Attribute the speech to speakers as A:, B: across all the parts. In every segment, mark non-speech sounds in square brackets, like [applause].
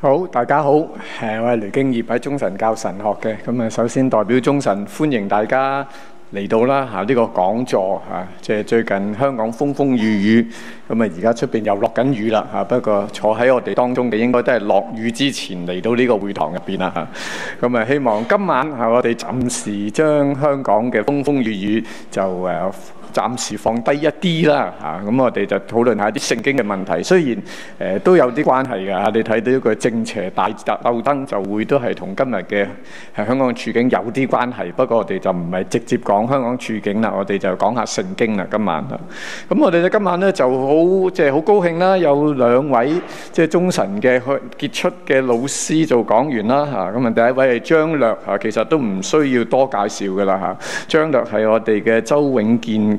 A: 好，大家好，係我係雷敬業喺中神教神學嘅。咁啊，首先代表中神歡迎大家嚟到啦。吓，呢個講座吓，即係最近香港風風雨雨，咁啊，而家出邊又落緊雨啦。吓，不過坐喺我哋當中嘅應該都係落雨之前嚟到呢個會堂入邊啦。吓，咁啊，希望今晚吓我哋暫時將香港嘅風風雨雨就誒。暫時放低一啲啦，嚇、啊、咁我哋就討論下啲聖經嘅問題。雖然誒、呃、都有啲關係㗎嚇、啊，你睇到一個正邪大鬥爭，就會都係同今日嘅係香港處境有啲關係。不過我哋就唔係直接講香港處境啦，我哋就講下聖經啦，今晚。咁、啊、我哋咧今晚咧就好，即係好高興啦，有兩位即係中神嘅傑出嘅老師做講員啦，嚇咁啊，啊第一位係張略嚇、啊，其實都唔需要多介紹㗎啦嚇。張略係我哋嘅周永健。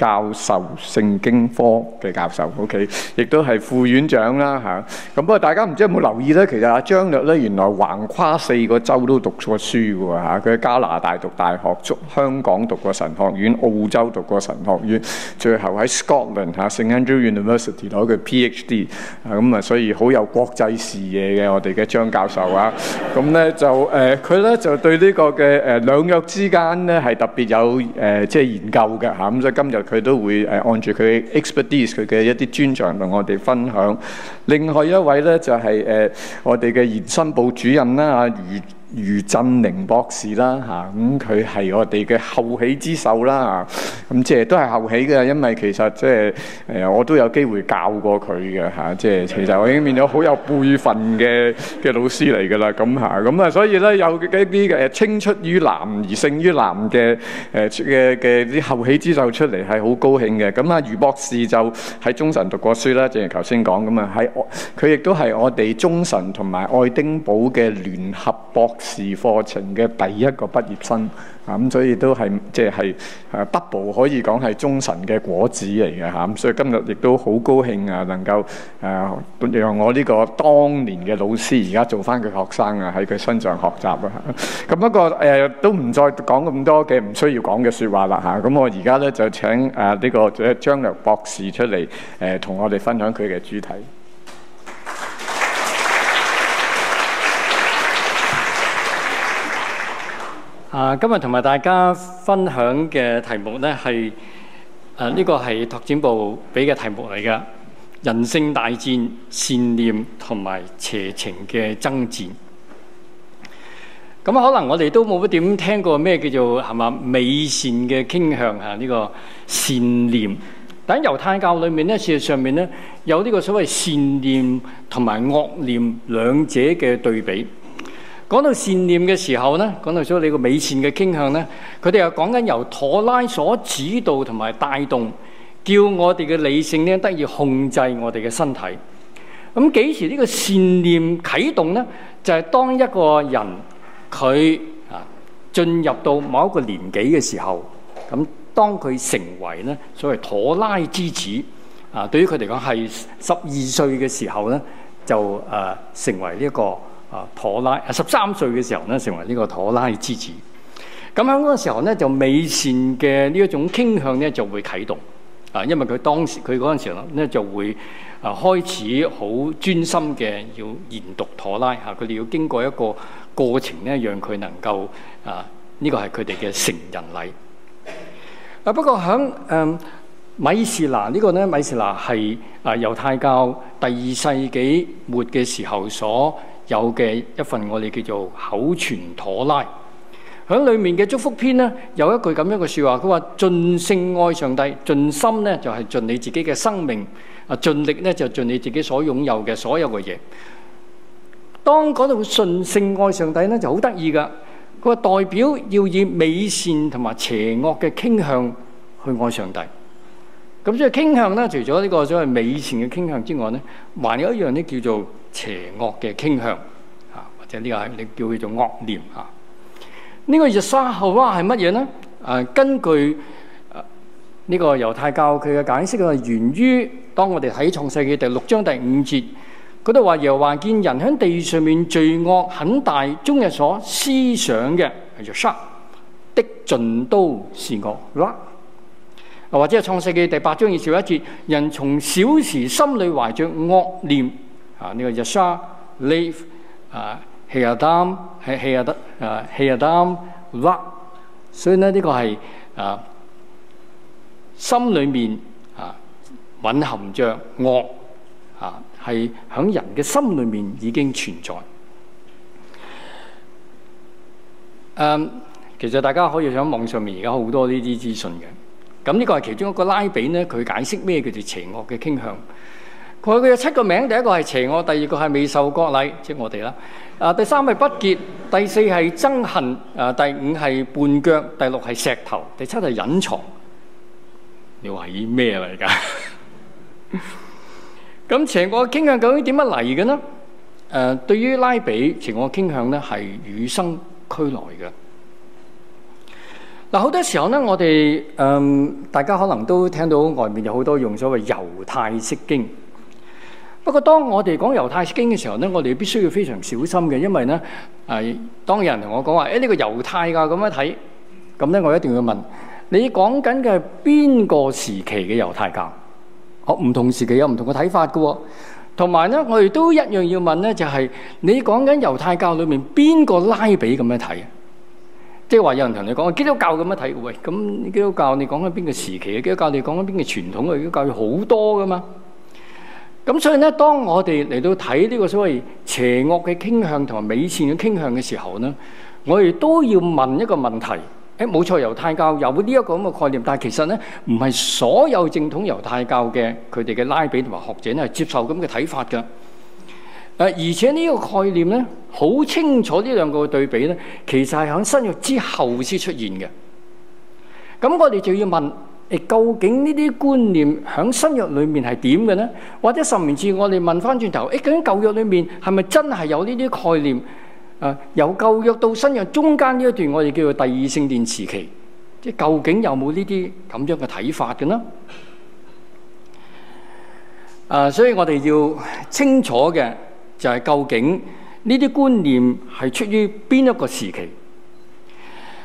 A: 教授聖經科嘅教授，OK，亦都係副院長啦嚇。咁不過大家唔知有冇留意咧，其實阿張略咧，原來橫跨四個州都讀過書㗎喎嚇。佢喺加拿大讀大學，香港讀過神學院，澳洲讀過神學院，最後喺 Scotland 聖、啊、嚇，聖安德魯 University 攞佢 PhD 咁啊，所以好有國際視野嘅我哋嘅張教授啊。咁咧就誒，佢、啊、咧就對呢個嘅誒、啊、兩約之間咧係特別有誒即係研究嘅嚇。咁、啊啊、所以今日。佢都會誒按住佢嘅 expertise，佢嘅一啲專長同我哋分享。另外一位呢，就係、係呃、我哋嘅延伸部主任啦，阿李。余振寧博士啦吓，咁佢係我哋嘅後起之秀啦吓，咁、啊嗯、即係都係後起嘅，因為其實即係誒、呃、我都有機會教過佢嘅吓，即係其實我已經變咗好有輩分嘅嘅老師嚟㗎啦，咁、啊、吓，咁、嗯、啊所以咧有一啲嘅青出於藍而勝於藍嘅誒嘅嘅啲後起之秀出嚟係好高興嘅，咁啊余博士就喺中神讀過書啦，正如頭先講咁啊喺佢亦都係我哋中神同埋愛丁堡嘅聯合博。是課程嘅第一個畢業生，啊咁所以都係即係誒北部可以講係中神嘅果子嚟嘅，嚇，咁所以今日亦都好高興啊，能夠誒讓我呢個當年嘅老師而家做翻佢學生啊，喺佢身上學習啊。咁 [laughs] 不過誒、呃、都唔再講咁多嘅唔需要講嘅説話啦嚇。咁、啊、我而家咧就請誒呢、呃這個張略博士出嚟誒同我哋分享佢嘅主題。
B: 啊，今日同埋大家分享嘅題目呢，係誒呢個係拓展部俾嘅題目嚟嘅，人性大戰善念同埋邪情嘅爭戰。咁可能我哋都冇乜點聽過咩叫做係嘛美善嘅傾向啊？呢、呢個善念，但喺猶太教裏面呢，事實上面呢，有呢個所謂善念同埋惡念兩者嘅對比。講到善念嘅時候呢，講到所以你個美善嘅傾向呢，佢哋又講緊由妥拉所指導同埋帶動，叫我哋嘅理性呢得以控制我哋嘅身體。咁幾時呢個善念啟動呢？就係當一個人佢啊進入到某一個年紀嘅時候，咁當佢成為呢所謂妥拉之子啊，對於佢嚟講係十二歲嘅時候呢，就成為呢一個。啊，妥拉啊，十三歲嘅時候呢，成為呢個妥拉之子。咁喺嗰個時候呢，就美善嘅呢一種傾向呢，就會啟動。啊，因為佢當時佢嗰陣時候呢，就會啊開始好專心嘅要研讀妥拉。嚇、啊，佢哋要經過一個過程呢，讓佢能夠啊，呢、這個係佢哋嘅成人禮。啊，不過喺誒、嗯、米士拿呢個呢，米士拿係啊猶太教第二世紀末嘅時候所。有嘅一份，我哋叫做口傳妥拉。喺裏面嘅祝福篇咧，有一句咁樣嘅說話，佢話盡性愛上帝，盡心咧就係盡你自己嘅生命，啊盡力咧就盡你自己所擁有嘅所有嘅嘢，當嗰度盡性愛上帝咧就好得意噶，佢話代表要以美善同埋邪惡嘅傾向去愛上帝。咁所以傾向咧，除咗呢個所謂美善嘅傾向之外咧，還有一樣咧叫做。邪惡嘅傾向，啊或者呢個係你叫佢做惡念啊？呢、這個日沙何哇係乜嘢呢？誒、呃，根據呢、呃這個猶太教佢嘅解釋，係源於當我哋喺創世記第六章第五節，佢就話：耶和華見人喺地上面罪惡很大，終日所思想嘅叫約沙的盡、ah、都是惡。或者係創世記第八章二十一節，人從小時心裏懷着惡念。啊！呢、這個約沙、利、啊、希亞丹、希希亞德、啊、希亞丹、拉，所以呢？呢、這個係啊，心裏面啊，蘊含着惡啊，係響人嘅心裏面已經存在。誒、嗯，其實大家可以喺網上面而家好多呢啲資訊嘅。咁、嗯、呢、這個係其中一個拉比呢，佢解釋咩叫做邪惡嘅傾向。佢佢有七個名，第一個係邪惡，第二個係未受割禮，即係我哋啦。啊，第三係不潔，第四係憎恨，啊，第五係絆腳，第六係石頭，第七係隱藏。你話依咩嚟㗎？咁 [laughs] 邪惡傾向究竟點樣嚟嘅呢？誒、啊，對於拉比邪惡傾向咧，係與生俱來嘅。嗱、啊，好多時候咧，我哋誒、嗯、大家可能都聽到外面有好多用所謂猶太式經。不過，當我哋講猶太經嘅時候咧，我哋必須要非常小心嘅，因為咧，係當有人同我講話，誒呢個猶太教咁樣睇，咁咧我一定要問你講緊嘅係邊個時期嘅猶太教？哦，唔同時期有唔同嘅睇法嘅喎。同埋咧，我哋都一樣要問咧，就係你講緊猶太教裏面邊個拉比咁樣睇？即係話有人同你講基督教咁樣睇喂，咁基督教你講緊邊個時期嘅基督教？你講緊邊個傳統嘅基督教？好多噶嘛。咁 [noise] 所以咧，當我哋嚟到睇呢個所謂邪惡嘅傾向同埋美善嘅傾向嘅時候咧，我亦都要問一個問題，誒、哎、冇錯，猶太教有呢一個咁嘅概念，但係其實咧，唔係所有正統猶太教嘅佢哋嘅拉比同埋學者咧係接受咁嘅睇法嘅。誒而且呢個概念咧，好清楚呢兩個嘅對比咧，其實係喺新約之後先出現嘅。咁、嗯、我哋就要問。究竟呢啲觀念喺新約裏面係點嘅呢？或者甚至我哋問翻轉頭，誒，究竟舊約裏面係咪真係有呢啲概念？誒、啊，由舊約到新約中間呢一段，我哋叫做第二聖殿時期，即究竟有冇呢啲咁樣嘅睇法嘅呢？啊，所以我哋要清楚嘅就係究竟呢啲觀念係出於邊一個時期？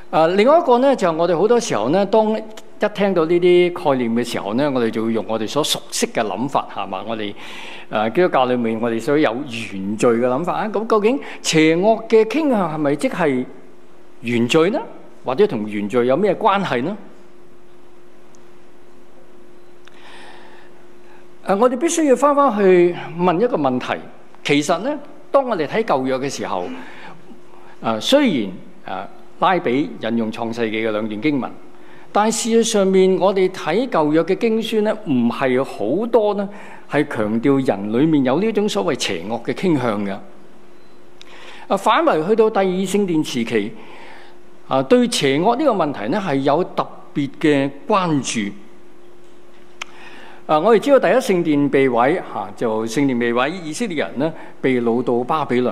B: 啊，另外一個呢，就係、是、我哋好多時候呢，當一聽到呢啲概念嘅時候呢，我哋就會用我哋所熟悉嘅諗法，係嘛？我哋誒基督教裏面我哋所有原罪嘅諗法，咁究竟邪惡嘅傾向係咪即係原罪呢？或者同原罪有咩關係呢？誒，我哋必須要返返去問一個問題。其實呢，當我哋睇舊約嘅時候，誒雖然誒拉比引用創世紀嘅兩段經文。但事實上面，我哋睇舊約嘅經書呢，唔係好多呢，係強調人裡面有呢種所謂邪惡嘅傾向嘅。啊，反為去到第二聖殿時期，啊，對邪惡呢個問題呢係有特別嘅關注。啊，我哋知道第一聖殿被毀，啊就聖殿被毀，以，以色列人呢被擄到巴比倫。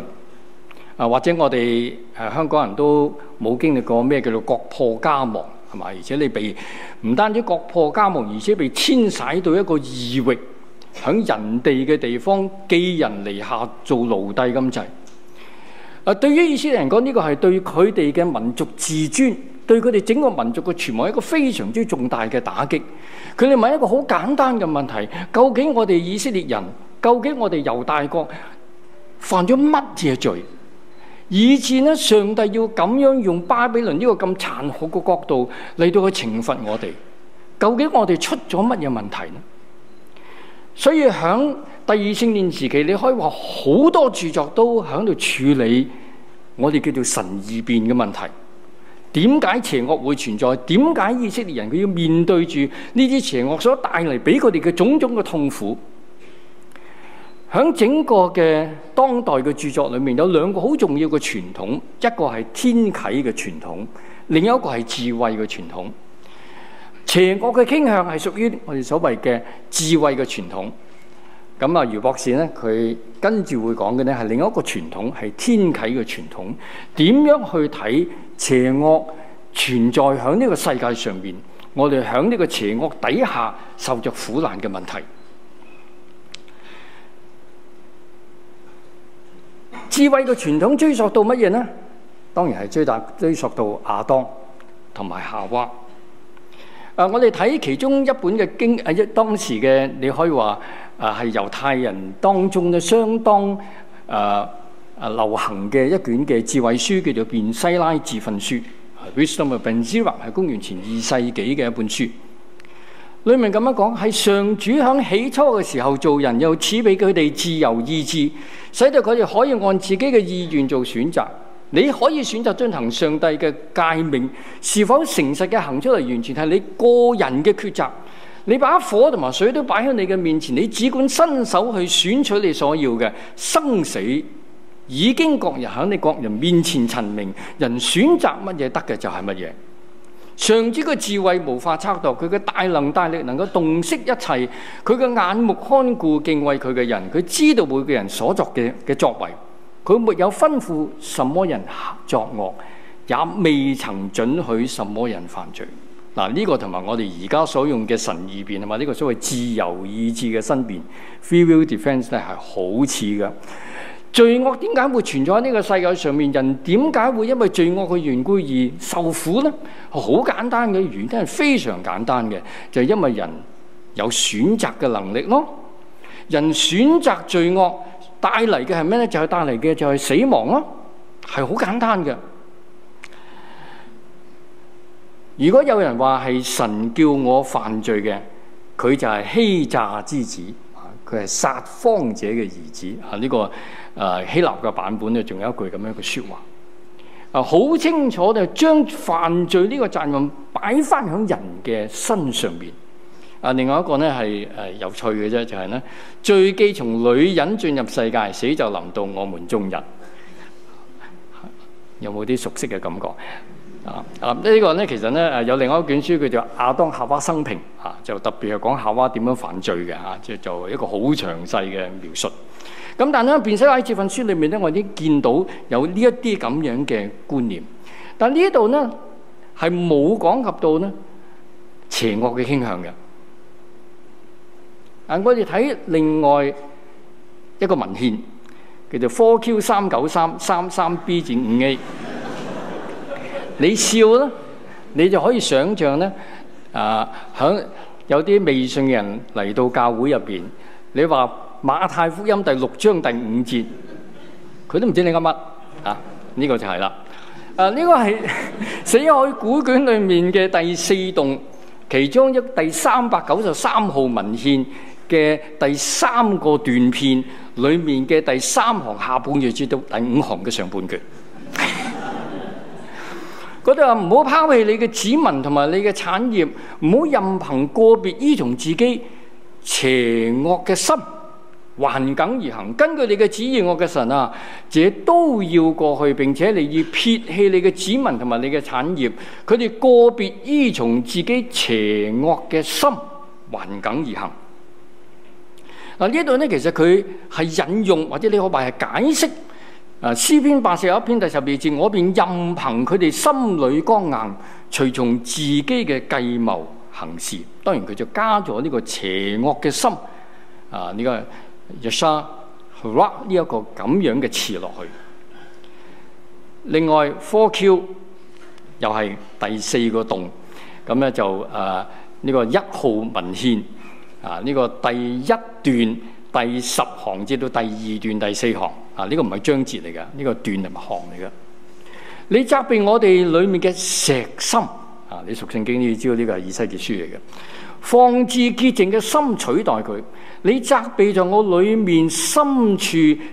B: 啊，或者我哋香港人都冇經歷過咩叫做國破家亡。同埋，而且你被唔單止國破家亡，而且被遷徙到一個異域，喺人哋嘅地方寄人籬下做奴隸咁滯。啊，對於以色列人講，呢個係對佢哋嘅民族自尊，對佢哋整個民族嘅存亡一個非常之重大嘅打擊。佢哋問一個好簡單嘅問題：究竟我哋以色列人，究竟我哋猶大國犯咗乜嘢罪？以前咧，上帝要咁樣用巴比倫呢個咁殘酷嘅角度嚟到去懲罰我哋，究竟我哋出咗乜嘢問題咧？所以喺第二聖殿時期，你可以話好多著作都喺度處理我哋叫做神異變嘅問題。點解邪惡會存在？點解以色列人佢要面對住呢啲邪惡所帶嚟俾佢哋嘅種種嘅痛苦？響整個嘅當代嘅著作裏面，有兩個好重要嘅傳統，一個係天啟嘅傳統，另一個係智慧嘅傳統。邪惡嘅傾向係屬於我哋所謂嘅智慧嘅傳統。咁啊，余博士咧，佢跟住會講嘅呢係另一個傳統，係天啟嘅傳統。點樣去睇邪惡存在喺呢個世界上面？我哋喺呢個邪惡底下受着苦難嘅問題。智慧嘅傳統追溯到乜嘢呢？當然係追打追溯到亞當同埋夏娃。啊、呃，我哋睇其中一本嘅經啊，一當時嘅你可以話啊，係、呃、猶太人當中嘅相當啊啊、呃、流行嘅一卷嘅智慧書叫做《便西拉智訓》，Wisdom [music] of Ben Sira 係公元前二世紀嘅一本書。裏面咁樣講，係上主喺起初嘅時候做人，又賜俾佢哋自由意志，使得佢哋可以按自己嘅意願做選擇。你可以選擇遵行上帝嘅誡命，是否誠實嘅行出嚟，完全係你個人嘅抉擇。你把火同埋水都擺喺你嘅面前，你只管伸手去選取你所要嘅生死，已經各人喺你各人面前陳明，人選擇乜嘢得嘅就係乜嘢。上主嘅智慧無法測度，佢嘅大能大力能夠洞悉一切，佢嘅眼目看顧敬畏佢嘅人，佢知道每個人所作嘅嘅作為，佢沒有吩咐什麼人作惡，也未曾准許什麼人犯罪。嗱，呢、這個同埋我哋而家所用嘅神義辯同埋呢個所謂自由意志嘅身辯 （free will defense） 咧，係好似嘅。罪惡點解會存在喺呢個世界上面？人點解會因為罪惡嘅緣故而受苦呢？好簡單嘅原因，非常簡單嘅，就係、是、因為人有選擇嘅能力咯。人選擇罪惡帶嚟嘅係咩呢？就係、是、帶嚟嘅就係死亡咯，係好簡單嘅。如果有人話係神叫我犯罪嘅，佢就係欺詐之子，佢係撒謊者嘅兒子啊！呢、這個。誒希臘嘅版本咧，仲有一句咁樣嘅句説話，啊好清楚就將犯罪呢個責任擺翻響人嘅身上邊。啊，另外一個咧係誒有趣嘅啫，就係咧罪既從女人進入世界，死就臨到我們眾人。啊、有冇啲熟悉嘅感覺？啊啊、這個、呢個咧其實咧誒有另外一卷書，叫做《亞當夏娃生平》啊，就特別係講夏娃點樣犯罪嘅嚇，即、啊、係、就是、做一個好詳細嘅描述。咁但係咧，變相喺這份書裏面咧，我已經見到有呢一啲咁樣嘅觀念。但呢度咧係冇講及到咧邪惡嘅傾向嘅。但，我哋睇另外一個文獻叫做 4Q393 33B 至 5A，你笑咧，你就可以想像咧啊，喺有啲未信嘅人嚟到教會入邊，你話。馬太福音第六章第五節，佢都唔知道你講乜啊？呢、這個就係啦。誒、啊，呢、這個係死海古卷裏面嘅第四洞，其中一第三百九十三號文獻嘅第三個段片裏面嘅第三行下半句至到第五行嘅上半句。嗰度話唔好拋棄你嘅子民同埋你嘅產業，唔好任憑個別依從自己邪惡嘅心。橫梗而行，根據你嘅旨意，我嘅神啊，這都要過去。並且你要撇棄你嘅子民同埋你嘅產業，佢哋個別依從自己邪惡嘅心，橫梗而行嗱。呢度咧，其實佢係引用或者你可以話係解釋啊，《詩篇》八十一篇第十二節，我便任憑佢哋心裏剛硬，隨從自己嘅計謀行事。當然佢就加咗呢個邪惡嘅心啊，呢、這個。嘅沙 rock 呢一個咁樣嘅詞落去。另外 four q 又係第四個洞，咁咧就誒呢個一號文獻啊，呢個第一段第十行至到第二段第四行啊，呢個唔係章節嚟噶呢個段同埋行嚟噶你責備我哋裏面嘅石心啊，你熟聖經都要知道呢個係以西結書嚟嘅。放置潔淨嘅心取代佢，你責備在我裏面深處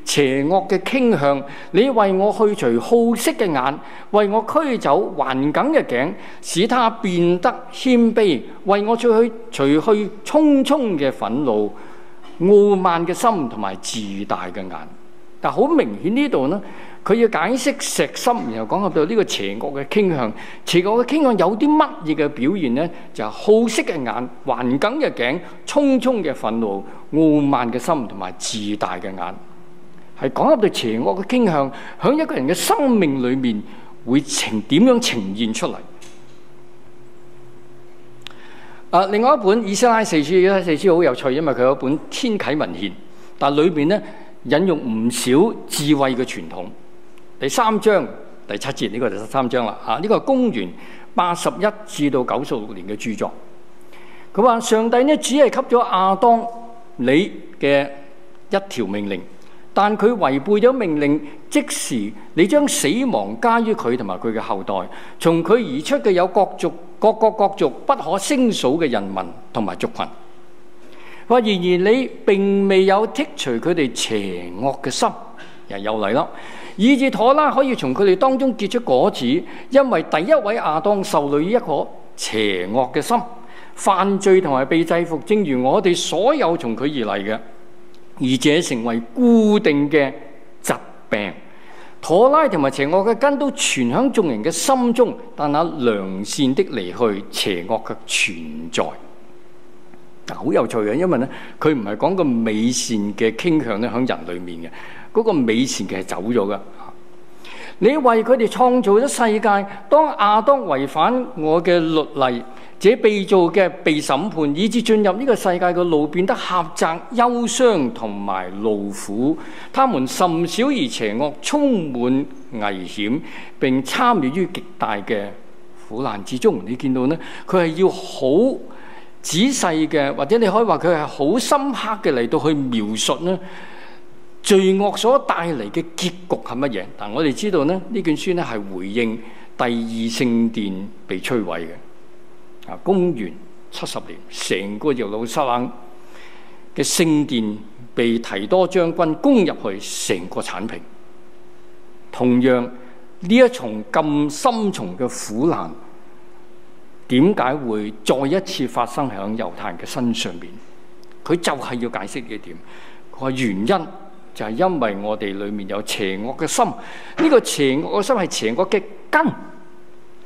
B: 邪惡嘅傾向，你為我去除好色嘅眼，為我驅走橫梗嘅頸，使他變得謙卑，為我除去除去匆匆嘅憤怒、傲慢嘅心同埋自大嘅眼。但好明顯呢度呢？佢要解釋石心，然後講入到呢個邪惡嘅傾向，邪惡嘅傾向有啲乜嘢嘅表現呢？就是、好色嘅眼，頑梗嘅頸，沖沖嘅憤怒，傲慢嘅心，同埋自大嘅眼，係講入到邪惡嘅傾向，響一個人嘅生命裏面會呈點樣呈現出嚟？誒、呃，另外一本《以斯拉四書》，《以斯拉四書》好有趣，因為佢有一本天啟文獻，但係裏面咧引用唔少智慧嘅傳統。第三章第七節，呢個就第三章啦。嚇，呢個係公元八十一至到九十六年嘅著作。佢話：上帝呢，只係給咗亞當你嘅一條命令，但佢違背咗命令，即時你將死亡加於佢同埋佢嘅後代。從佢而出嘅有各族、各個、各族不可勝數嘅人民同埋族群。話，然而你並未有剔除佢哋邪惡嘅心，又又嚟啦。以至妥拉可以從佢哋當中結出果子，因為第一位亞當受累於一個邪惡嘅心，犯罪同埋被制服，正如我哋所有從佢而嚟嘅，而這成為固定嘅疾病。妥拉同埋邪惡嘅根都存喺眾人嘅心中，但那良善的離去，邪惡嘅存在。嗱，好有趣嘅，因為咧，佢唔係講個美善嘅傾向咧，喺人裡面嘅。嗰個美前其實走咗㗎，你為佢哋創造咗世界。當亞當違反我嘅律例，這被造嘅被審判，以致進入呢個世界嘅路變得狹窄、憂傷同埋勞苦。他們甚少而邪惡，充滿危險，並參與於極大嘅苦難之中。你見到呢？佢係要好仔細嘅，或者你可以話佢係好深刻嘅嚟到去描述呢？罪惡所帶嚟嘅結局係乜嘢？但我哋知道呢卷書咧係回應第二聖殿被摧毀嘅。啊，公元七十年，成個耶路撒冷嘅聖殿被提多將軍攻入去，成個剷平。同樣呢一重咁深重嘅苦難，點解會再一次發生喺猶太人嘅身上面？佢就係要解釋呢一點。佢話原因。就係因為我哋裏面有邪惡嘅心，呢、這個邪惡嘅心係邪惡嘅根，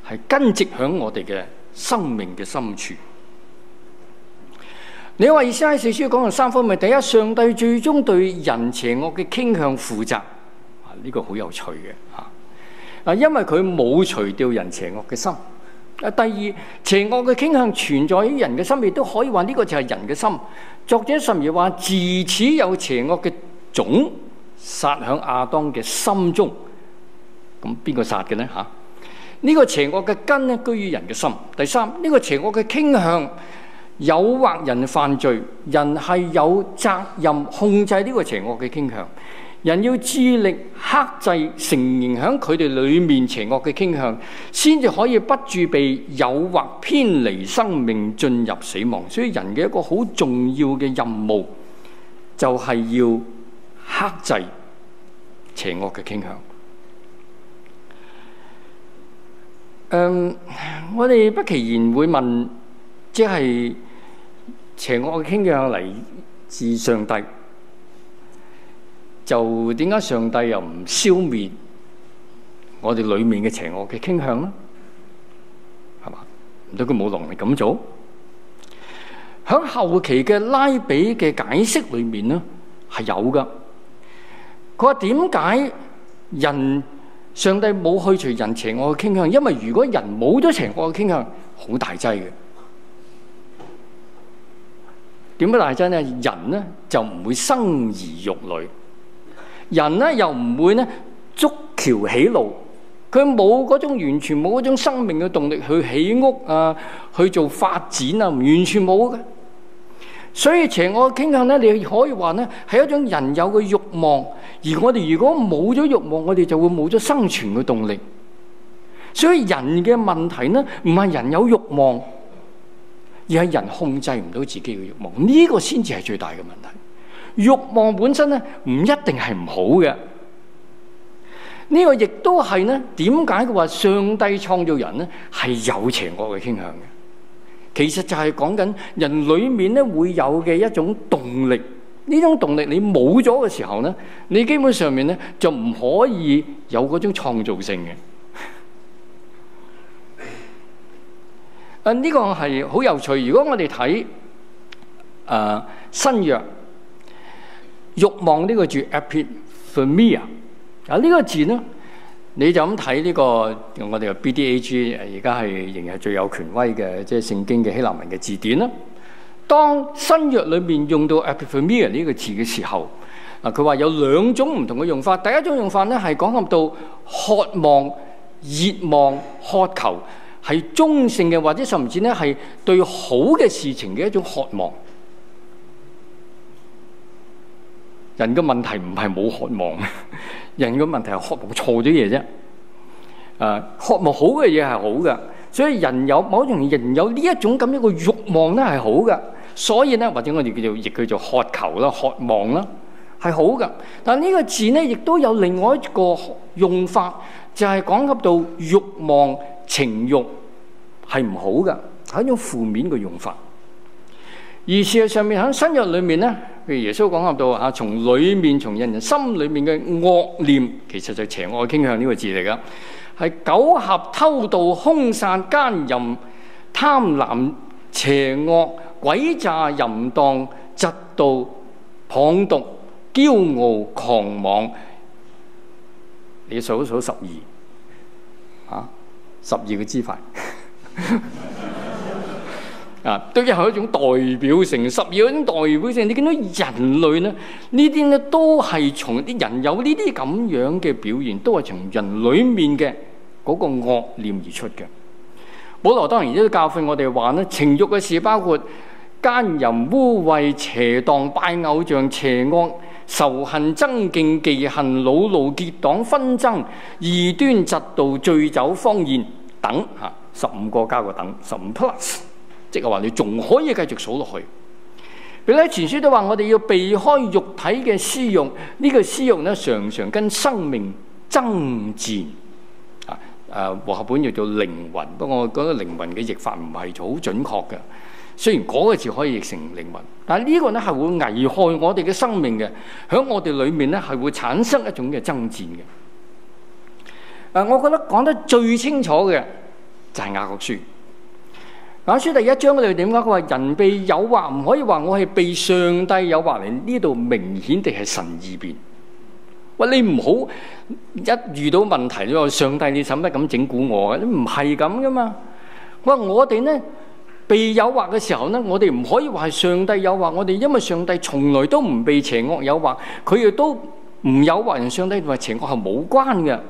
B: 係根植喺我哋嘅生命嘅深處。 [noise] 你話意思係，《以斯拉四書》講嘅三方面：第一，上帝最終對人邪惡嘅傾向負責。啊，呢個好有趣嘅啊！啊，因為佢冇除掉人邪惡嘅心。啊，第二，邪惡嘅傾向存在於人嘅心，亦都可以話呢個就係人嘅心。作者甚至話自此有邪惡嘅。種殺響亞當嘅心中，咁邊個殺嘅呢？吓、啊？呢、這個邪惡嘅根咧居於人嘅心。第三，呢、這個邪惡嘅傾向誘惑人犯罪，人係有責任控制呢個邪惡嘅傾向。人要致力克制、承認響佢哋裏面邪惡嘅傾向，先至可以不住被誘惑偏離生命進入死亡。所以人嘅一個好重要嘅任務就係、是、要。克制邪惡嘅傾向。嗯，我哋不其然會問，即係邪惡嘅傾向嚟自上帝，就點解上帝又唔消滅我哋裏面嘅邪惡嘅傾向呢？係咪？唔通佢冇能力咁做？喺後期嘅拉比嘅解釋裏面呢，係有嘅。佢話點解人上帝冇去除人邪惡嘅傾向？因為如果人冇咗邪惡嘅傾向，好大劑嘅。點解大劑呢？人呢就唔會生兒育女，人呢又唔會呢築橋起路。佢冇嗰種，完全冇嗰種生命嘅動力去起屋啊，去做發展啊，完全冇嘅。所以邪惡嘅傾向咧，你可以話咧，係一種人有嘅慾望。而我哋如果冇咗慾望，我哋就會冇咗生存嘅動力。所以人嘅問題呢，唔係人有慾望，而係人控制唔到自己嘅慾望。呢個先至係最大嘅問題。慾望本身咧，唔一定係唔好嘅。呢個亦都係咧，點解嘅話上帝創造人咧係有邪惡嘅傾向嘅？其實就係講緊人裏面咧會有嘅一種動力。呢種動力你冇咗嘅時候咧，你基本上面咧就唔可以有嗰種創造性嘅。 [laughs] 啊，呢、這個係好有趣。如果我哋睇啊新約欲望呢個字 epithemia 啊呢、這個字呢，你就咁睇呢個用我哋嘅 BDAG 而家係仍然係最有權威嘅，即係聖經嘅希臘文嘅字典啦。當新約裏面用到 epithumia 呢個字嘅時候，啊，佢話有兩種唔同嘅用法。第一種用法咧係講到渴望、熱望、渴求，係中性嘅，或者甚至咧係對好嘅事情嘅一種渴望。人嘅問題唔係冇渴望，人嘅問題係渴望錯咗嘢啫。啊，渴望好嘅嘢係好嘅。所以人有某一種人有呢一種咁樣嘅欲望咧係好嘅，所以咧，或者我哋叫做，亦叫做渴求啦、渴望啦，係好嘅。但呢個字咧亦都有另外一個用法，就係、是、講及到欲望、情欲係唔好嘅，係一種負面嘅用法。而事實上面喺新約裏面咧，譬如耶穌講及到啊，從裏面從人人心裏面嘅惡念，其實就邪惡傾向呢個字嚟噶。係、苟合偷盜、兇殺、奸淫、貪婪、邪惡、詭詐、淫蕩、嫉妒、謗讟、驕傲、狂妄，你數一數十二啊，十二個姿牌。 [laughs] 啊，都係一種代表性，十二種代表性。你見到人類咧，呢啲咧都係從啲人有呢啲咁樣嘅表現，都係從人裡面嘅嗰個惡念而出嘅。保羅當然都教訓我哋話咧，情慾嘅事包括奸淫、污穢、邪蕩、拜偶像、邪惡、仇恨、爭競、忌恨、惱怒、結黨、紛爭、異端、嫉妒、醉酒、荒宴等嚇、啊，十五個加個等，十五，plus，十五 plus。即係話你仲可以繼續數落去。彼前書都話我哋要避開肉體嘅私欲，呢、這個私欲咧常常跟生命爭戰。啊，誒，和合本叫做靈魂，不過我覺得靈魂嘅譯法唔係好準確嘅。雖然嗰個字可以譯成靈魂，但係呢個咧係會危害我哋嘅生命嘅。喺我哋裏面咧係會產生一種嘅爭戰嘅。誒、啊，我覺得講得最清楚嘅就係雅各書。嗱，書第一章，佢哋點解佢話人被誘惑，唔可以話我係被上帝誘惑嚟。呢度明顯地係神二邊。喂，你唔好一遇到問題咗，你話上帝你使乜咁整蠱我？你唔係咁噶嘛？喂，我哋呢被誘惑嘅時候呢，我哋唔可以話係上帝誘惑我哋，因為上帝從來都唔被邪惡誘惑，佢亦都唔誘惑人。上帝同埋邪惡係冇關嘅。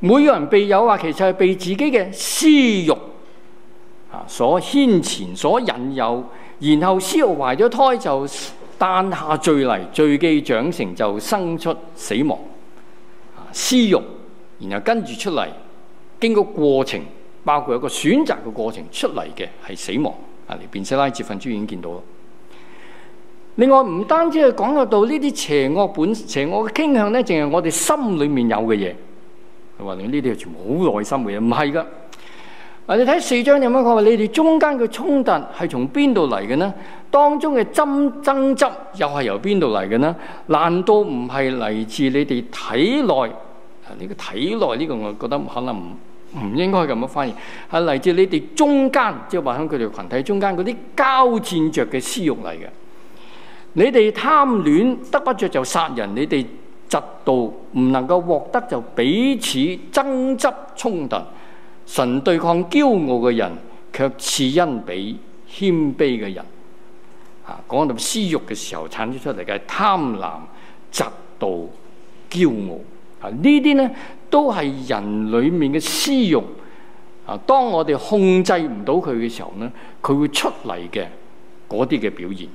B: 每個人被誘惑，其實係被自己嘅私欲，所牽纏所引誘，然後私慾懷咗胎就誕下罪嚟，罪既長成就生出死亡啊！私慾，然後跟住出嚟，經過過程，包括有個選擇嘅過程，出嚟嘅係死亡啊！你變色拉子粉豬已經見到咯。另外唔單止係講到呢啲邪惡本、邪惡嘅傾向咧，淨係我哋心裏面有嘅嘢，佢話你呢啲係全部好內心嘅嘢，唔係噶。你睇四章點樣講話？你哋中間嘅衝突係從邊度嚟嘅呢？當中嘅爭爭執又係由邊度嚟嘅呢？難道唔係嚟自你哋體內？啊！呢個體內呢、這個，我覺得可能唔唔應該咁樣翻譯，係嚟自你哋中間，即係話喺佢哋羣體中間嗰啲交戰着嘅私欲嚟嘅。你哋貪戀得不着就殺人，你哋嫉妒唔能夠獲得就彼此爭執衝突。神對抗驕傲嘅人，卻賜恩俾謙卑嘅人。啊，講到私欲嘅時候產生出嚟嘅貪婪、嫉妒、驕傲，啊呢啲咧都係人裏面嘅私欲。啊，當我哋控制唔到佢嘅時候咧，佢會出嚟嘅嗰啲嘅表現。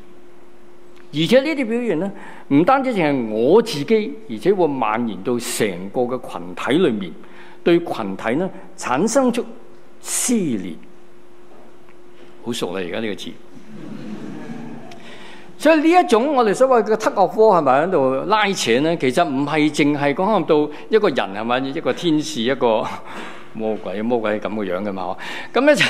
B: 而且呢啲表現咧，唔單止淨係我自己，而且會蔓延到成個嘅群體裏面。對群體呢產生出撕裂，好熟啦！而家呢個字， [laughs] 所以呢一種我哋所謂嘅七學科係咪喺度拉扯呢？其實唔係淨係講入到一個人係咪一個天使，一個魔鬼，魔鬼咁嘅樣嘅嘛？嗬，咁咧就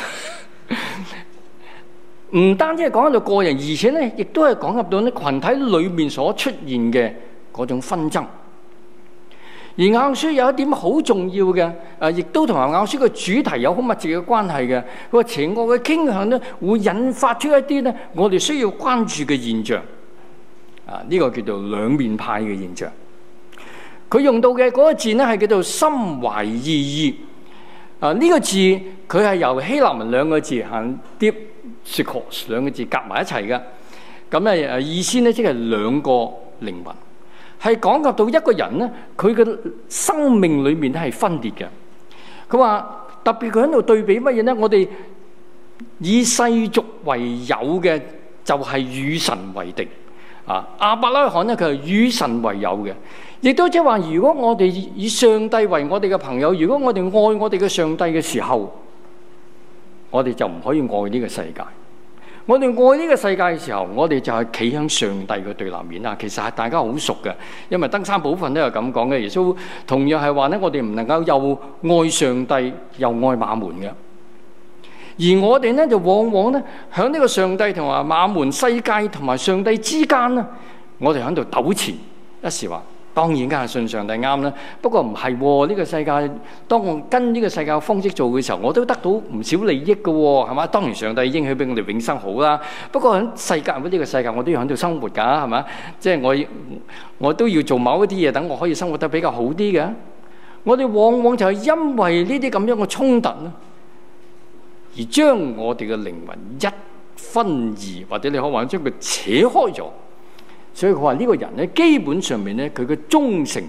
B: 唔 [laughs] 單止係講喺到個人，而且咧亦都係講入到呢群體裏面所出現嘅嗰種紛爭。而硬書有一點好重要嘅，誒、啊，亦都同埋硬書嘅主題有好密切嘅關係嘅。個邪情嘅傾向咧，會引發出一啲呢，我哋需要關注嘅現象。啊，呢、這個叫做兩面派嘅現象。佢、啊、用到嘅嗰個字呢，係叫做心懷二意。啊，呢、這個字佢係由希臘文兩個字行 dipsychos 兩個字夾埋一齊嘅。咁、啊、咧意思呢，即係兩個靈魂。係講及到一個人呢，佢嘅生命裏面呢，係分裂嘅。佢話，特別佢喺度對比乜嘢呢？我哋以世俗為友嘅就係、是、與神為敵。啊，亞伯拉罕呢，佢係與神為友嘅，亦都即係話如果我哋以上帝為我哋嘅朋友，如果我哋愛我哋嘅上帝嘅時候，我哋就唔可以愛呢個世界。我哋愛呢個世界嘅時候，我哋就係企向上帝嘅對立面啦。其實係大家好熟嘅，因為登山寶訓都有咁講嘅。耶穌同樣係話咧，我哋唔能夠又愛上帝又愛瑪門嘅。而我哋咧就往往咧響呢個上帝同埋瑪門世界同埋上帝之間咧，我哋喺度糾纏一時話。當然梗係信上帝啱啦，不過唔係喎，呢、這個世界當我跟呢個世界方式做嘅時候，我都得到唔少利益嘅喎，係嘛？當然上帝已經許俾我哋永生好啦。不過喺世界呢個世界，我都要喺度生活㗎，係嘛？即、就、係、是、我我都要做某一啲嘢，等我可以生活得比較好啲嘅。我哋往往就係因為呢啲咁樣嘅衝突咧，而將我哋嘅靈魂一分二，或者你可話將佢扯開咗。所以佢話呢個人咧，基本上面咧，佢嘅忠誠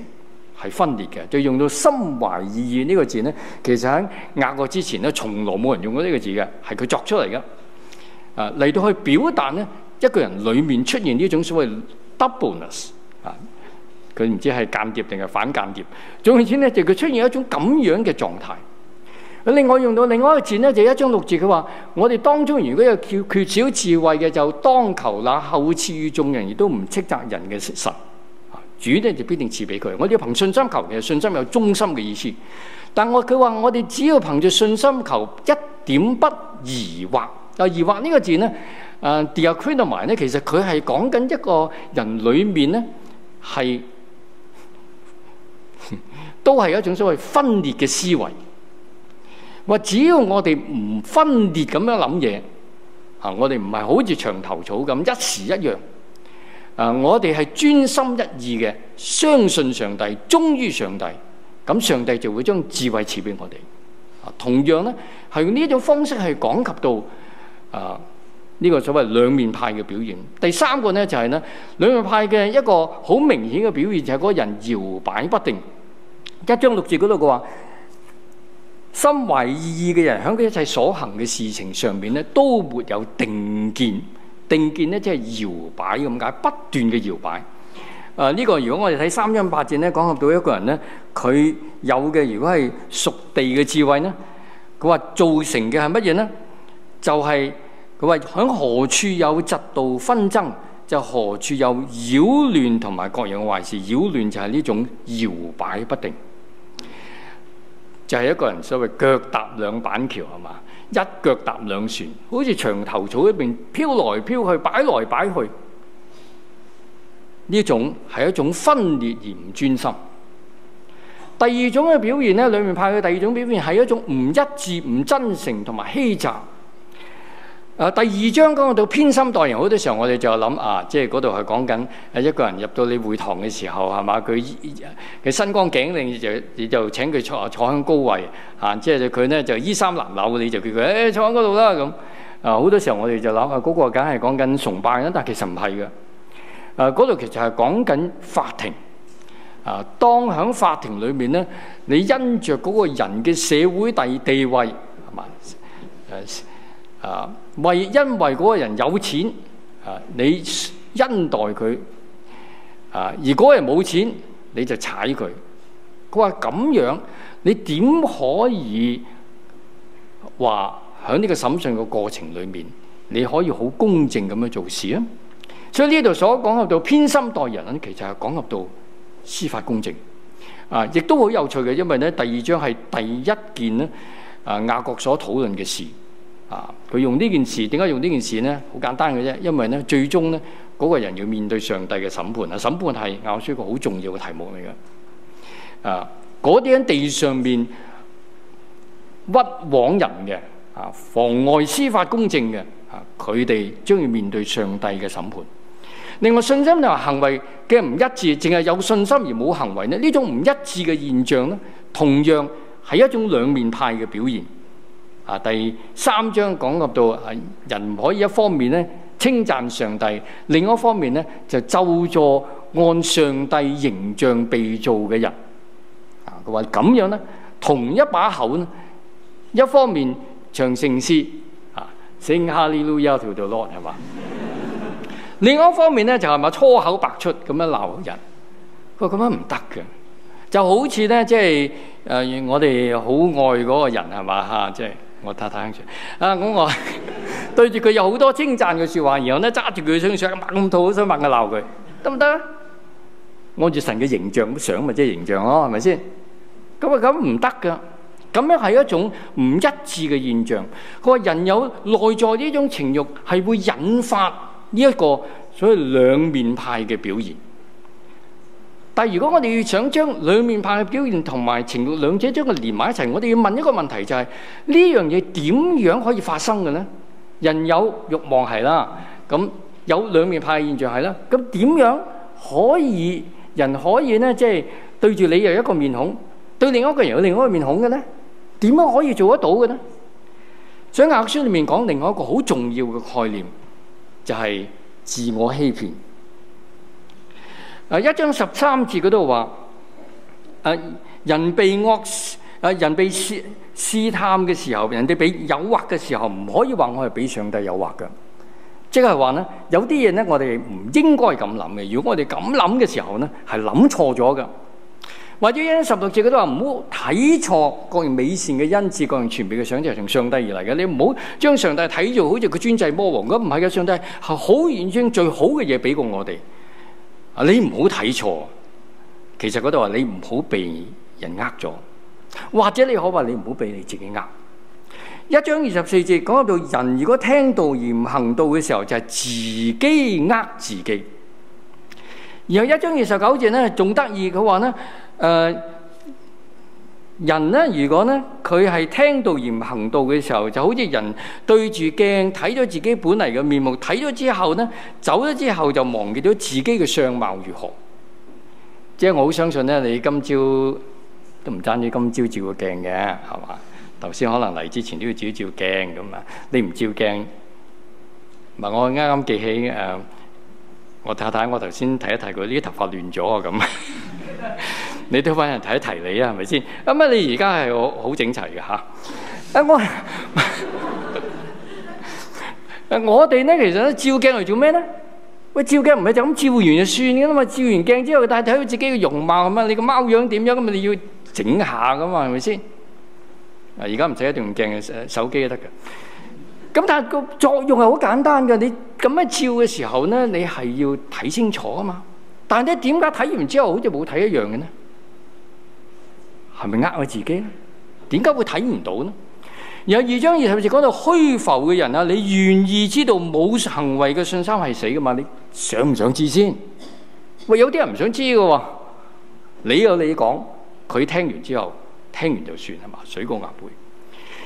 B: 係分裂嘅。就用到心懷二意呢個字咧，其實喺雅各之前咧，從來冇人用過呢個字嘅，係佢作出嚟嘅。啊，嚟到去表達咧，一個人裡面出現呢種所謂 doubleness 啊，佢唔知係間諜定係反間諜。總之咧，就佢出現一種咁樣嘅狀態。另外用到另外一個字咧，就是、一張六字。佢話：我哋當中如果有缺少智慧嘅，就當求那厚賜與眾人，也都唔斥責人嘅神。主呢就必定賜俾佢。我們要憑信心求，其實信心有忠心嘅意思。但我佢話：我哋只要憑住信心求，一點不疑惑。啊，疑惑呢個字呢啊 diakrinomai，其實佢係講緊一個人裡面呢，係都係一種所謂分裂嘅思維。話只要我哋唔分裂咁樣諗嘢，啊，我哋唔係好似牆頭草咁一時一樣，啊，我哋係專心一意嘅，相信上帝，忠於上帝，咁上帝就會將智慧賜俾我哋。啊，同樣咧係用呢種方式去講及到啊呢個所謂兩面派嘅表現。第三個咧就係咧呢兩面派嘅一個好明顯嘅表現就係嗰個人搖擺不定。一章六字嗰度嘅話。心懷二意嘅人喺佢一切所行嘅事情上面咧，都沒有定見，定見咧即係搖擺咁解，不斷嘅搖擺。誒、呃、呢、這個如果我哋睇三章八節咧，講合到一個人咧，佢有嘅如果係屬地嘅智慧咧，佢話造成嘅係乜嘢咧？就係佢話喺何處有嫉妒紛爭，就何處有擾亂同埋各樣嘅壞事。擾亂就係呢種搖擺不定。就係一個人所謂腳踏兩板橋係咪，一腳踏兩船，好似牆頭草一樣飄來飄去，擺來擺去。呢種係一種分裂而唔專心。第二種嘅表現呢，裏面派嘅第二種表現係一種唔一致、唔真誠同埋欺詐。第二章講到偏心待人，好多時候我哋就諗啊，即係嗰度係講緊誒一個人入到你會堂嘅時候係嘛，佢佢身光頸靚，就你就請佢坐坐喺高位啊，即係佢咧就衣衫襤褸，你就叫佢誒、欸、坐喺嗰度啦咁啊，好多時候我哋就諗啊，嗰、嗰個梗係講緊崇拜啦，但係其實唔係嘅啊，嗰度其實係講緊法庭啊，當喺法庭裏面咧，你因着嗰個人嘅社會地地位係嘛誒？啊，為因為嗰個人有錢，啊，你恩待佢，啊，而嗰個人冇錢，你就踩佢。佢話咁樣，你點可以話喺呢個審訊嘅過程裏面，你可以好公正咁樣做事啊？所以呢度所講入到偏心待人其實係講入到司法公正。啊，亦都好有趣嘅，因為咧第二章係第一件咧，啊，亞國所討論嘅事。啊！佢用呢件事，點解用呢件事呢？好簡單嘅啫，因為呢，最終呢，嗰個人要面對上帝嘅審判啊！審判係雅各書一個好重要嘅題目嚟嘅。嗰啲喺地上面屈枉人嘅啊，妨礙司法公正嘅啊，佢哋將要面對上帝嘅審判。另外，信心同行為嘅唔一致，淨係有信心而冇行為咧，呢種唔一致嘅現象呢，同樣係一種兩面派嘅表現。啊！第三章講入到啊，人唔可以一方面咧稱讚上帝，另一方面咧就咒詛按上帝形象被造嘅人。啊，佢話咁樣咧，同一把口咧，一方面唱聖詩啊，Sing Hallelujah to the Lord，係嘛？ [laughs] 另外一方面咧就係咪粗口白出咁樣鬧人？佢、話、咁樣唔得嘅，就好似咧即係誒我哋好愛嗰個人係嘛嚇，即係。啊就是我太太陽仗啊！Uh, 我我 [laughs] 對住佢有好多稱讚嘅説話，然後咧揸住佢張相咁樣咁想問佢鬧佢得唔得？按住神嘅形象，張相咪即係形象咯，係咪先？咁啊咁唔得㗎，咁樣係一種唔一致嘅現象。佢話人有內在呢種情慾，係會引發呢一個所謂兩面派嘅表現。但如果我哋要想將兩面派嘅表現同埋情慾兩者將佢連埋一齊，我哋要問一個問題就係呢樣嘢點樣可以發生嘅咧？人有欲望係啦，咁有兩面派嘅現象係啦，咁點樣可以人可以咧即係對住你有一個面孔，對另外一個人有另外一個面孔嘅咧？點樣可以做得到嘅咧？所以雅各書裡面講另外一個好重要嘅概念就係、是、自我欺騙。誒，一章十三節佢都話：人被惡，誒，人被試試探嘅時候，人哋俾誘惑嘅時候，唔可以話我係俾上帝誘惑嘅。即係話咧，有啲嘢咧，我哋唔應該咁諗嘅。如果我哋咁諗嘅時候咧，係諗錯咗嘅。或者一章十六節佢都話，唔好睇錯，各樣美善嘅恩賜，各樣全備嘅賞賜，係從上帝而嚟嘅。你唔好將上帝睇做好似個專制魔王咁。唔係嘅，上帝係好願將最好嘅嘢俾過我哋。啊！你唔好睇錯，其實嗰度話你唔好被人呃咗，或者你可話你唔好俾你自己呃。一章二十四節講到人如果聽到而唔行道嘅時候，就係自己呃自己。然後一章二十九節咧，仲得意嘅話咧，誒、呃。人呢，如果呢，佢係聽道而唔行道嘅時候，就好似人對住鏡睇咗自己本嚟嘅面目，睇咗之後呢，走咗之後就忘記咗自己嘅相貌如何。即係我好相信呢，你今朝都唔爭於今朝照個鏡嘅，係嘛？頭先可能嚟之前都要照照鏡咁啊。你唔照鏡，唔係我啱啱記起誒，我睇下睇，我頭先睇一睇佢啲頭髮亂咗啊咁。 [laughs] 你都要揾人提一提你啊，係咪先？咁啊，你而家係好整齊嘅嚇。啊我 [laughs] 啊我哋咧，其實照鏡嚟做咩咧？喂，照鏡唔係就咁照完就算嘅啦嘛。照完鏡之後，但係睇到自己嘅容貌啊嘛，你個貓樣點樣咁你要整下嘅嘛，係咪先？啊，而家唔使一定鏡誒，手機都得嘅。咁但係個作用係好簡單嘅，你咁樣照嘅時候咧，你係要睇清楚啊嘛。但係你點解睇完之後好似冇睇一樣嘅咧？係咪呃我自己咧？點解會睇唔到呢？有二章二十節講到虛浮嘅人啊，你願意知道冇行為嘅信心係死噶嘛你想唔想知先？喂，有啲人唔想知嘅喎，你有你講，佢聽完之後聽完就算係嘛，水過鴨背。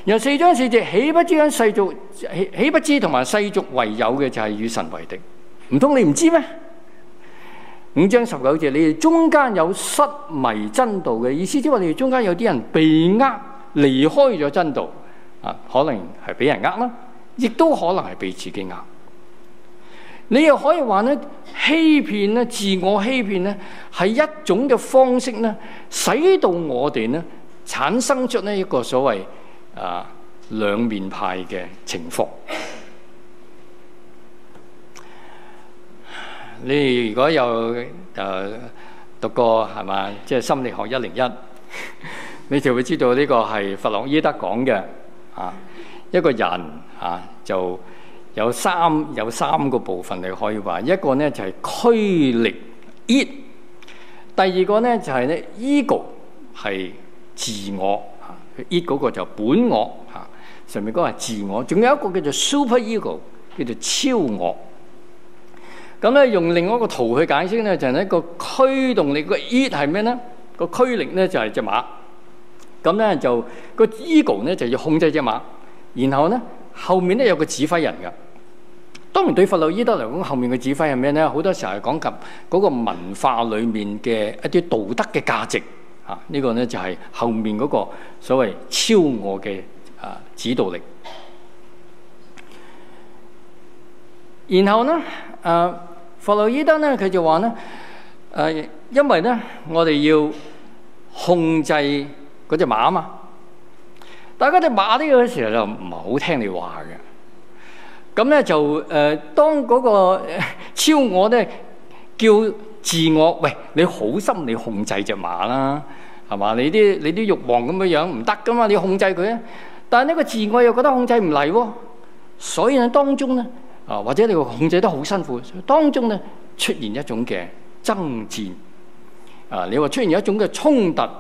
B: 有四章四節，豈不知因世俗，豈豈不知同埋世俗為友嘅就係與神為敵，唔通你唔知咩？五章十九字，你哋中間有失迷真道嘅意思，即係話你哋中間有啲人被呃離開咗真道，啊，可能係俾人呃啦，亦都可能係俾自己呃。你又可以話呢，欺騙咧，自我欺騙咧，係一種嘅方式咧，使到我哋咧產生咗呢一個所謂啊兩面派嘅情況。你如果有誒讀過係嘛，即係心理學一零一，你就會知道呢個係弗洛伊德講嘅啊。一個人啊，就有三有三個部分你可以話，一個咧就係驅力 id，第二個咧就係咧 ego 係自我啊，id 嗰個就本我啊，上面嗰個係自我，仲有一個叫做 super ego 叫做超我。咁咧用另外一個圖去解釋咧，就係一個驅動力。個 E 係咩咧？個驅力咧就係隻馬。咁咧就個 Ego 咧就要控制隻馬。然後咧後面咧有個指揮人㗎。當然對佛洛伊德嚟講，後面嘅指揮係咩咧？好多時候係講及嗰個文化裏面嘅一啲道德嘅價值。嚇，呢個咧就係後面嗰個所謂超我嘅啊指導力。然後呢，誒、啊、弗洛伊德呢，佢就話呢，誒、呃、因為呢，我哋要控制嗰隻馬啊嘛，但係嗰隻馬呢個時候就唔係好聽你話嘅，咁呢，就誒、呃、當嗰個超我呢，叫自我，喂你好心你控制隻馬啦，係嘛？你啲你啲慾望咁樣樣唔得噶嘛，你控制佢，但係呢個自我又覺得控制唔嚟喎，所以喺當中呢。啊，或者你會控制得好辛苦，當中咧出現一種嘅爭戰啊，你話出現一種嘅衝突啊，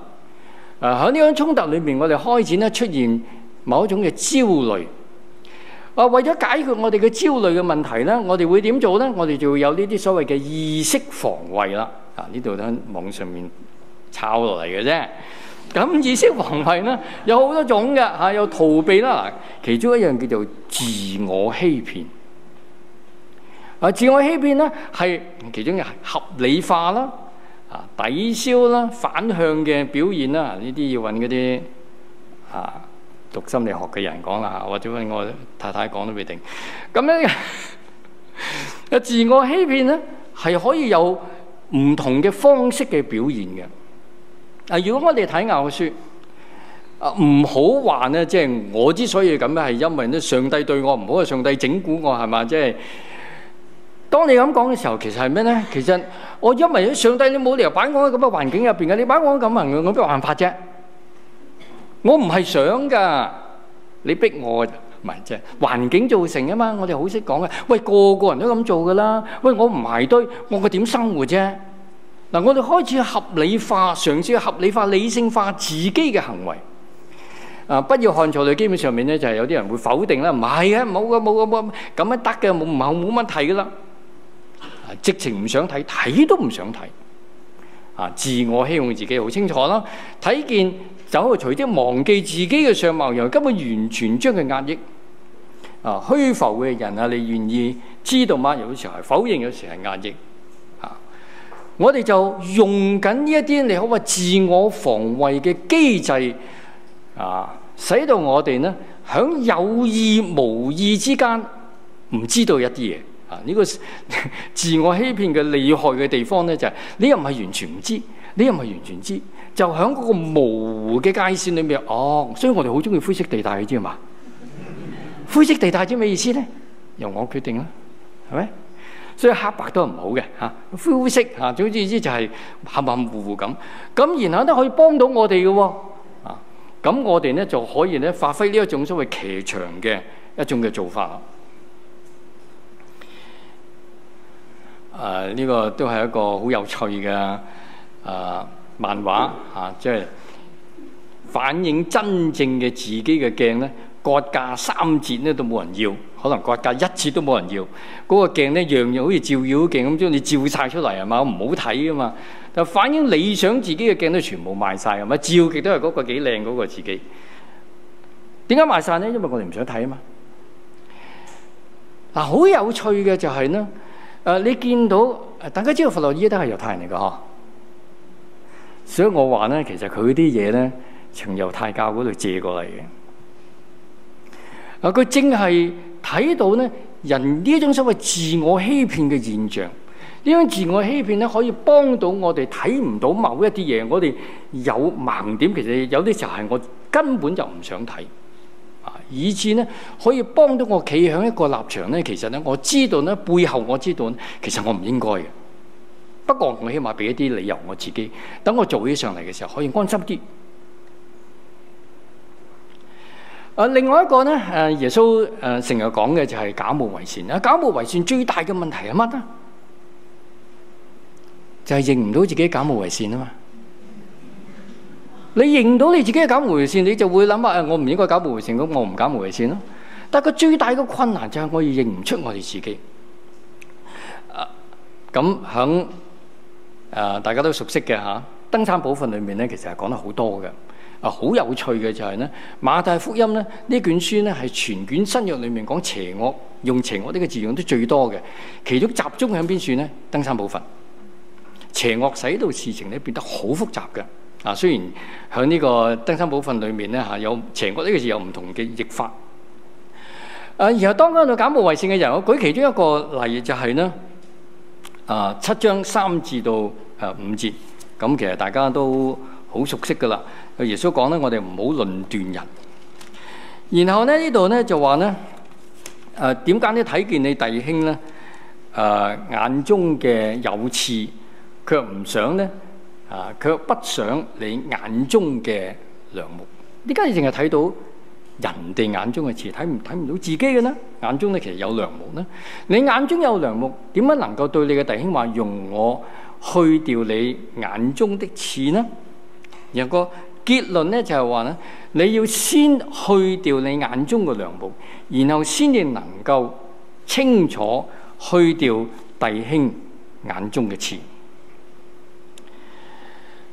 B: 喺呢種衝突裏面，我哋開展咧出現某一種嘅焦慮啊。為咗解決我哋嘅焦慮嘅問題咧，我哋會點做咧？我哋就會有呢啲所謂嘅意識防衞啦。啊，呢度都喺網上面抄落嚟嘅啫。咁意識防衞咧有好多種嘅嚇，啊，有逃避啦。其中一樣叫做自我欺騙。啊太太！自我欺騙咧，係其中嘅合理化啦，啊抵消啦、反向嘅表現啦，呢啲要揾嗰啲啊讀心理學嘅人講啦，或者揾我太太講都未定。咁咧，啊自我欺騙咧，係可以有唔同嘅方式嘅表現嘅。啊，如果我哋睇牛說啊，唔好話咧，即、就、係、是、我之所以咁咧，係因為咧上帝對我唔好啊，上帝整蠱我係嘛，即係。就是當你咁講嘅時候，其實係咩呢？其實我因為啲上帝你冇理由擺我喺咁嘅環境入面嘅，你擺我咁行嘅，我有咩辦法啫？我唔係想㗎，你逼我咪啫。環境造成啊嘛，我哋好識講嘅。喂，個個人都咁做嘅啦。喂，我唔埋堆，我會點生活啫？嗱，我哋開始合理化，嘗試合理化、理性化自己嘅行為。啊，不要看錯，你基本上面呢就係有啲人會否定啦。唔係啊，冇個冇個冇咁樣得嘅，冇冇冇問題嘅啦。直情唔想睇，睇都唔想睇。啊！自我希望自己好清楚啦。睇見就去隨即忘記自己嘅相貌，又根本完全將佢壓抑。啊！虛浮嘅人啊，你願意知道嗎？有時候係否認，有時係壓抑。啊！我哋就用緊呢一啲，你可話自我防衛嘅機制啊，使到我哋呢，響有意無意之間唔知道一啲嘢。啊！呢、這個自我欺騙嘅厲害嘅地方咧，就係、是、你又唔係完全唔知，你又唔係完全知，就喺嗰個模糊嘅界線裏面。哦，所以我哋好中意灰色地帶，你知嘛？ [laughs] 灰色地帶知咩意思咧？由我決定啦、啊，係咪？所以黑白都唔好嘅嚇，灰，灰色嚇，總之意思就係含含糊糊咁。咁然後都可以幫到我哋嘅喎。啊，咁我哋咧就可以咧發揮呢一種所謂騎牆嘅一種嘅做法。誒呢、呃這個都係一個好有趣嘅誒、呃、漫畫嚇、啊，即係反映真正嘅自己嘅鏡咧，割價三折咧都冇人要，可能割價一折都冇人要。嗰、那個鏡咧樣樣好似照妖鏡咁，將你照晒出嚟係嘛，唔好睇啊嘛。就反映理想自己嘅鏡都全部賣晒。係嘛，照極都係嗰個幾靚嗰個自己。點解賣晒呢？因為我哋唔想睇啊嘛。嗱、啊，好有趣嘅就係呢。誒、呃，你見到誒，大家知道佛洛伊德係猶太人嚟㗎嗬，所以我話咧，其實佢啲嘢咧，從猶太教嗰度借過嚟嘅。啊、呃，佢淨係睇到咧，人呢一種所謂自我欺騙嘅現象，呢種自我欺騙咧，可以幫到我哋睇唔到某一啲嘢，我哋有盲點，其實有啲時候係我根本就唔想睇。以致呢，可以幫到我企喺一個立場呢，其實呢，我知道呢，背後我知道呢，其實我唔應該嘅。不過我起碼俾一啲理由我自己，等我做起上嚟嘅時候可以安心啲。另外一個呢，耶穌成日講嘅就係假冒偽善啦。假冒偽善最大嘅問題係乜呢？就係、是、認唔到自己假冒偽善啊嘛。你認到你自己係搞迴旋，你就會諗話，誒、哎，我唔應該搞迴旋，咁我唔搞迴旋咯。但係個最大嘅困難就係我哋認唔出我哋自己。咁、啊、響、啊、大家都熟悉嘅嚇登山寶訓裏面呢，其實係講得好多嘅。啊，好有趣嘅就係、是、呢馬太福音呢，呢卷書呢，係全卷新約裏面講邪惡用邪惡呢個字用得最多嘅，其中集中喺邊處呢？登山寶訓。邪惡使到事情呢變得好複雜嘅。啊，雖然喺呢個登山寶訓裏面咧嚇、啊，有邪惡呢個字有唔同嘅譯法，啊，然後當講到假冒為善嘅人，我舉其中一個例就係、是、咧，啊七章三至到誒五節，咁、啊、其實大家都好熟悉噶啦，阿耶穌講咧，我哋唔好論斷人。然後咧呢度咧就話咧，誒點解你睇見你弟兄咧誒、啊、眼中嘅有刺，卻唔想咧？啊！卻不想你眼中嘅梁木，點解你淨係睇到人哋眼中嘅刺，睇唔睇唔到自己嘅呢？眼中呢其實有梁木呢。你眼中有梁木，點樣能夠對你嘅弟兄話容我去掉你眼中的刺呢？有個結論呢就係、是、話呢，你要先去掉你眼中嘅梁木，然後先至能夠清楚去掉弟兄眼中嘅刺。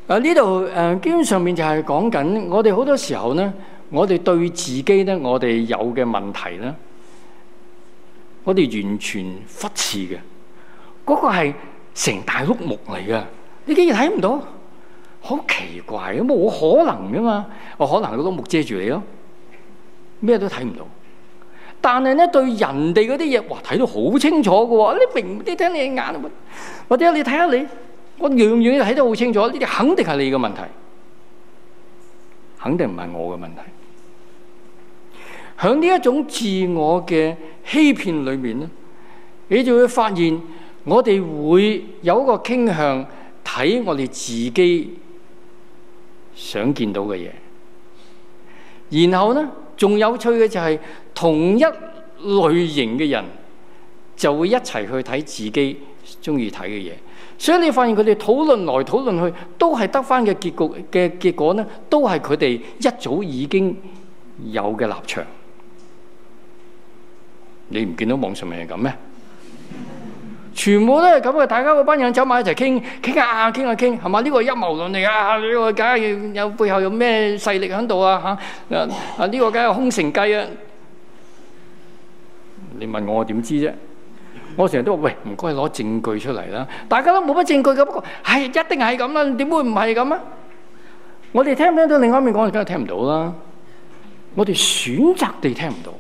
B: 啊！呢度誒，基本上面就係講緊我哋好多時候咧，我哋對自己咧，我哋有嘅問題咧，我哋完全忽視嘅。嗰、那個係成大碌木嚟嘅，你竟然睇唔到，好奇怪啊！冇可能噶嘛，我可能嗰碌木遮住你咯，咩都睇唔到。但係咧，對人哋嗰啲嘢，哇，睇到好清楚嘅喎！你明啲睇你，你眼，或者你睇下你。我樣樣都睇得好清楚，呢啲肯定係你嘅問題，肯定唔係我嘅問題。喺呢一種自我嘅欺騙裏面咧，你就會發現我哋會有一個傾向，睇我哋自己想見到嘅嘢。然後呢，仲有趣嘅就係同一類型嘅人就會一齊去睇自己中意睇嘅嘢。所以你發現佢哋討論來討論去，都係得翻嘅結局嘅結果呢都係佢哋一早已經有嘅立場。你唔見到網上面係咁咩？ [laughs] 全部都係咁嘅，大家嗰班人走埋一齊傾傾下傾下傾，係嘛？呢個係陰謀論嚟啊！呢個梗係有背後有咩勢力響度啊啊啊！啊啊呢個梗係空城計啊！你問我點知啫？我成日都話喂，唔該攞證據出嚟啦！大家都冇乜證據嘅，不過係一定係咁啦，點會唔係咁啊？我哋聽唔聽到另外一面講，梗係聽唔到啦！我哋選擇地聽唔到。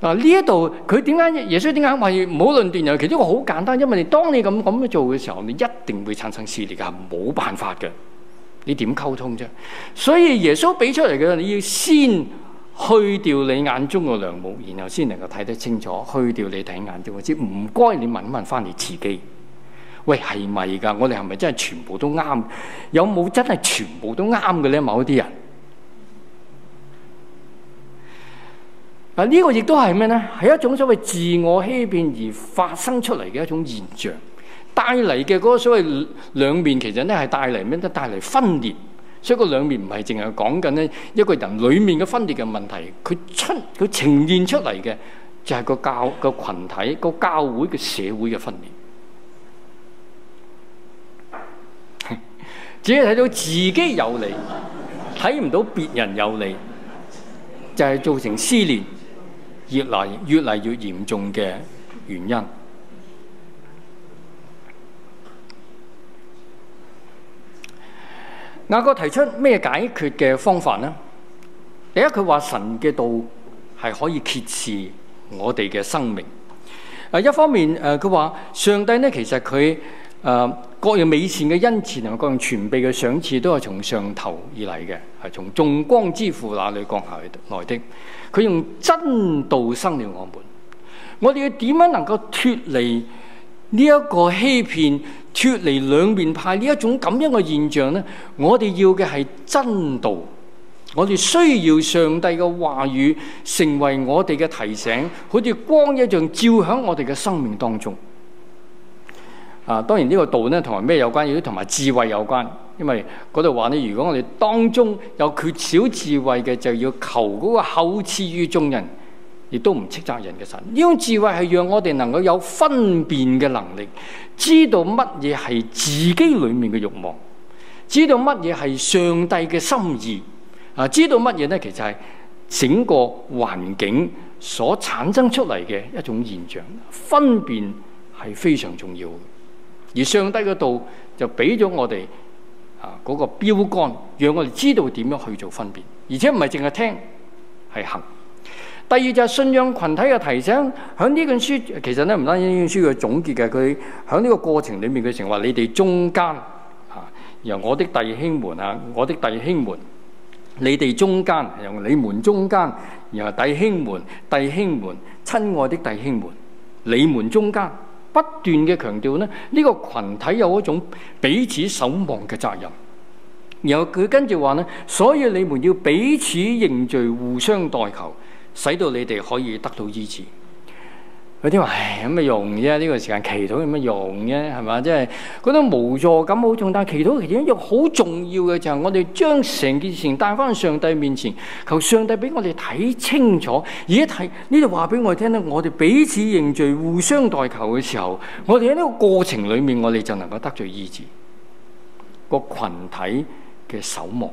B: 嗱，呢一度佢點解，耶穌點解話唔好論斷？又其中一個好簡單，因為你當你咁咁樣做嘅時候，你一定會產生撕裂噶，冇辦法嘅。你點溝通啫？所以耶穌俾出嚟嘅，你要先。去掉你眼中嘅梁木，然後先能夠睇得清楚。去掉你睇眼睛，或者唔該，你問一問翻你自己，喂，係咪㗎？我哋係咪真係全部都啱？有冇真係全部都啱嘅呢？某啲人啊，呢、呢個亦都係咩呢？係一種所謂自我欺騙而發生出嚟嘅一種現象，帶嚟嘅嗰個所謂兩面，其實呢係帶嚟咩？都帶嚟分裂。所以個兩面唔係淨係講緊一個人裡面嘅分裂嘅問題，佢出佢呈現出嚟嘅就係個教個羣體、個教會嘅社會嘅分裂。 [laughs] 只係睇到自己有利，睇唔到別人有利，就係、是、造成撕裂越嚟越嚟越嚴重嘅原因。雅各提出咩解決嘅方法呢？第一，佢話神嘅道係可以揭示我哋嘅生命。誒，一方面誒，佢、呃、話上帝呢，其實佢誒、呃、各樣美善嘅恩賜同埋各樣全備嘅賞賜，都係從上頭而嚟嘅，係從眾光之父那裏降下嚟來的。佢用真道生了我們，我哋要點樣能夠脱離呢一個欺騙？脫離兩面派呢一種咁樣嘅現象呢，我哋要嘅係真道，我哋需要上帝嘅話語成為我哋嘅提醒，好似光一樣照響我哋嘅生命當中啊。當然呢個道呢同埋咩有關？亦都同埋智慧有關，因為嗰度話呢，如果我哋當中有缺少智慧嘅，就要求嗰個厚賜於眾人。亦都唔斥責人嘅神，呢種智慧係讓我哋能夠有分辨嘅能力，知道乜嘢係自己裏面嘅慾望，知道乜嘢係上帝嘅心意，啊，知道乜嘢咧？其實係整個環境所產生出嚟嘅一種現象，分辨係非常重要嘅。而上帝嘅道就俾咗我哋啊嗰個標杆，讓我哋知道點樣去做分辨，而且唔係淨係聽，係行。第二就係信仰群體嘅提醒，喺呢本書其實咧唔單止呢本書嘅總結嘅，佢喺呢個過程裏面，佢成話你哋中間，由我的弟兄們啊，我的弟兄們，你哋中間，由你們中間，然後弟兄們、弟兄們、親愛的弟兄們，你們中間不斷嘅強調呢，呢、呢個群體有一種彼此守望嘅責任。然後佢跟住話呢，所以你們要彼此認罪，互相代求。使到你哋可以得到醫治。有啲話，唉，有乜用啫，呢、呢個時間祈禱有乜用啫？係嘛，即係覺得無助感好重。但祈禱其中一種好重要嘅，就係我哋將成件事情帶翻上帝面前，求上帝俾我哋睇清楚。而一睇呢度話俾我哋聽咧，我哋彼此認罪、互相代求嘅時候，我哋喺呢個過程裏面，我哋就能夠得著醫治。個群體嘅守望。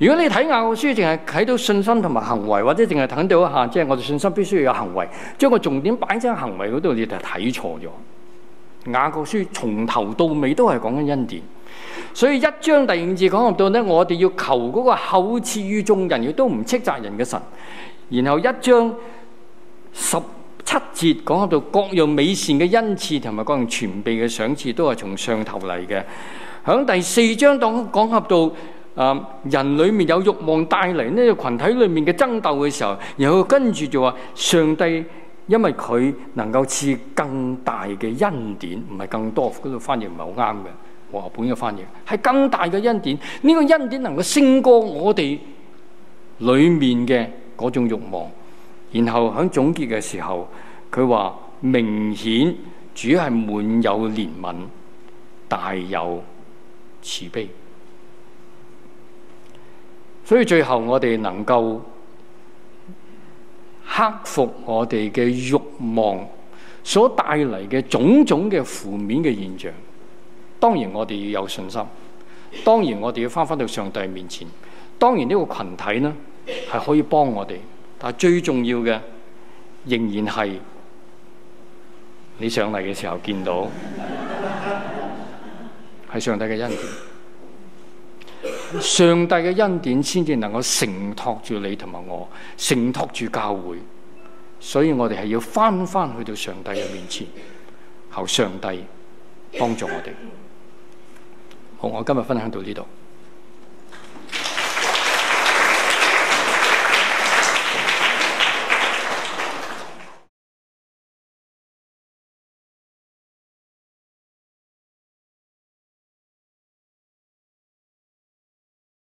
B: 如果你睇雅各書，淨係睇到信心同埋行為，或者淨係睇到一下，即係我哋信心必須要有行為，將個重點擺喺行為嗰度，你就睇錯咗。雅各書從頭到尾都係講緊恩典，所以一章第五節講合到呢，我哋要求嗰個厚賜於眾人，亦都唔斥責人嘅神。然後一章十七節講合到各樣美善嘅恩賜同埋各樣全備嘅賞賜，都係從上頭嚟嘅。喺第四章當講合到。人裏面有慾望帶嚟呢個群體裏面嘅爭鬥嘅時候，然後跟住就話上帝因為佢能夠賜更大嘅恩典，唔係更多嗰，那個翻譯唔係好啱嘅，和合本嘅翻譯係更大嘅恩典。呢、這個恩典能夠勝過我哋裏面嘅嗰種慾望。然後喺總結嘅時候，佢話明顯主要係滿有憐憫，大有慈悲。所以最後我哋能夠克服我哋嘅慾望所帶嚟嘅種種嘅負面嘅現象。當然我哋要有信心，當然我哋要返返到上帝面前，當然呢個群體呢係可以幫我哋，但最重要嘅仍然係你上嚟嘅時候見到，係上帝嘅恩典。上帝嘅恩典先至能夠承托住你同埋我，承托住教會。所以我哋係要翻返去到上帝嘅面前，求上帝幫助我哋。好，我今日分享到呢度。